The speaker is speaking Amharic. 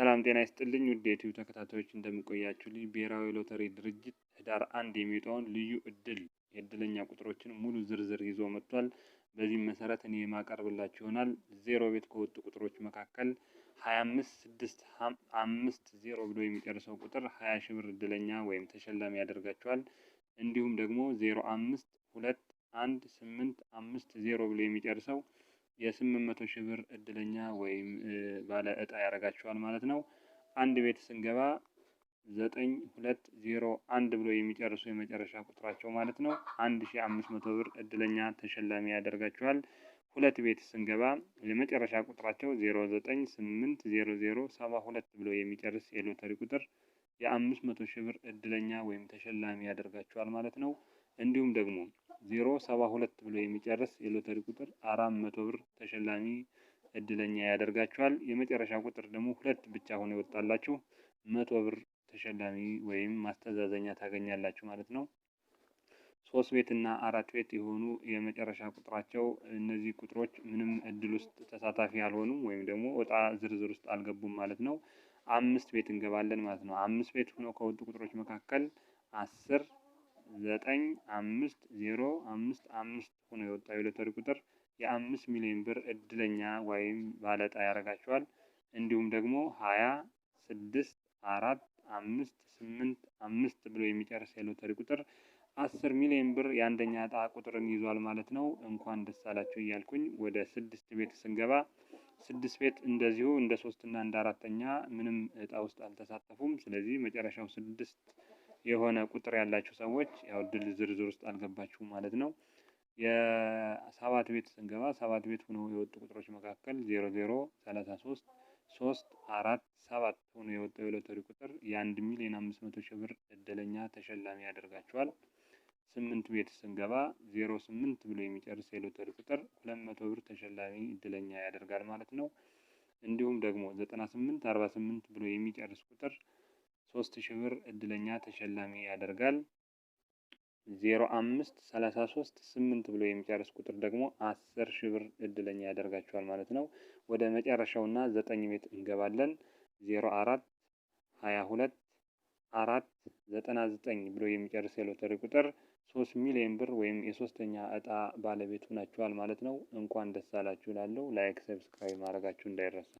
ሰላም ጤና ይስጥልኝ ውድ የዩቲዩብ ተከታታዮች እንደምቆያችሁልኝ ብሔራዊ ሎተሪ ድርጅት ህዳር አንድ የሚወጣውን ልዩ እድል የእድለኛ ቁጥሮችን ሙሉ ዝርዝር ይዞ መጥቷል። በዚህም መሰረት እኔ የማቀርብላችሁ ይሆናል። ዜሮ ቤት ከወጡ ቁጥሮች መካከል ሀያ አምስት ስድስት አምስት ዜሮ ብሎ የሚጨርሰው ቁጥር ሀያ ሺህ ብር እድለኛ ወይም ተሸላሚ ያደርጋቸዋል። እንዲሁም ደግሞ ዜሮ አምስት ሁለት አንድ ስምንት አምስት ዜሮ ብሎ የሚጨርሰው የስምንት መቶ ሺህ ብር እድለኛ ወይም ባለ እጣ ያደርጋቸዋል ማለት ነው። አንድ ቤት ስንገባ ዘጠኝ ሁለት ዜሮ አንድ ብሎ የሚጨርሱ የመጨረሻ ቁጥራቸው ማለት ነው አንድ ሺህ አምስት መቶ ብር እድለኛ ተሸላሚ ያደርጋቸዋል ሁለት ቤት ስንገባ የመጨረሻ ቁጥራቸው ዜሮ ዘጠኝ ስምንት ዜሮ ዜሮ ሰባ ሁለት ብሎ የሚጨርስ የሎተሪ ቁጥር የአምስት መቶ ሺህ ብር እድለኛ ወይም ተሸላሚ ያደርጋቸዋል ማለት ነው። እንዲሁም ደግሞ 072 ብሎ የሚጨርስ የሎተሪ ቁጥር 400 ብር ተሸላሚ እድለኛ ያደርጋችኋል። የመጨረሻ ቁጥር ደግሞ ሁለት ብቻ ሆኖ ይወጣላችሁ 100 ብር ተሸላሚ ወይም ማስተዛዘኛ ታገኛላችሁ ማለት ነው። ሶስት ቤት እና አራት ቤት የሆኑ የመጨረሻ ቁጥራቸው እነዚህ ቁጥሮች ምንም እድል ውስጥ ተሳታፊ አልሆኑም ወይም ደግሞ ወጣ ዝርዝር ውስጥ አልገቡም ማለት ነው። አምስት ቤት እንገባለን ማለት ነው። አምስት ቤት ሆኖ ከወጡ ቁጥሮች መካከል አስር ዘጠኝ አምስት ዜሮ አምስት አምስት ሆኖ የወጣው የሎተሪ ቁጥር የአምስት ሚሊዮን ብር እድለኛ ወይም ባለጣ ያደርጋቸዋል። እንዲሁም ደግሞ ሀያ ስድስት አራት አምስት ስምንት አምስት ብሎ የሚጨርስ የሎተሪ ቁጥር አስር ሚሊዮን ብር የአንደኛ እጣ ቁጥርን ይዟል ማለት ነው። እንኳን ደስ አላችሁ እያልኩኝ ወደ ስድስት ቤት ስንገባ ስድስት ቤት እንደዚሁ እንደ ሶስትና እንደ አራተኛ ምንም እጣ ውስጥ አልተሳተፉም። ስለዚህ መጨረሻው ስድስት የሆነ ቁጥር ያላቸው ሰዎች ያው እድል ዝርዝር ውስጥ አልገባችሁም ማለት ነው። የሰባት ቤት ስንገባ ሰባት ቤት ሆኖ የወጡ ቁጥሮች መካከል ዜሮ ዜሮ ሰላሳ ሶስት ሶስት አራት ሰባት ሆኖ የወጣው የሎተሪ ቁጥር የአንድ ሚሊዮን አምስት መቶ ሺህ ብር እድለኛ ተሸላሚ ያደርጋቸዋል። ስምንት ቤት ስንገባ ዜሮ ስምንት ብሎ የሚጨርስ የሎተሪ ቁጥር ሁለት መቶ ብር ተሸላሚ እድለኛ ያደርጋል ማለት ነው። እንዲሁም ደግሞ ዘጠና ስምንት አርባ ስምንት ብሎ የሚጨርስ ቁጥር ሶስት ሺህ ብር እድለኛ ተሸላሚ ያደርጋል። ዜሮ አምስት ሰላሳ ሶስት ስምንት ብሎ የሚጨርስ ቁጥር ደግሞ አስር ሺህ ብር እድለኛ ያደርጋቸዋል ማለት ነው። ወደ መጨረሻውና ዘጠኝ ቤት እንገባለን። ዜሮ አራት ሀያ ሁለት አራት ዘጠና ዘጠኝ ብሎ የሚጨርስ የሎተሪ ቁጥር ሶስት ሚሊዮን ብር ወይም የሶስተኛ እጣ ባለቤት ሆናችኋል ማለት ነው። እንኳን ደስ አላችሁ እላለሁ። ላይክ ሰብስክራይብ ማድረጋችሁ እንዳይረሳ።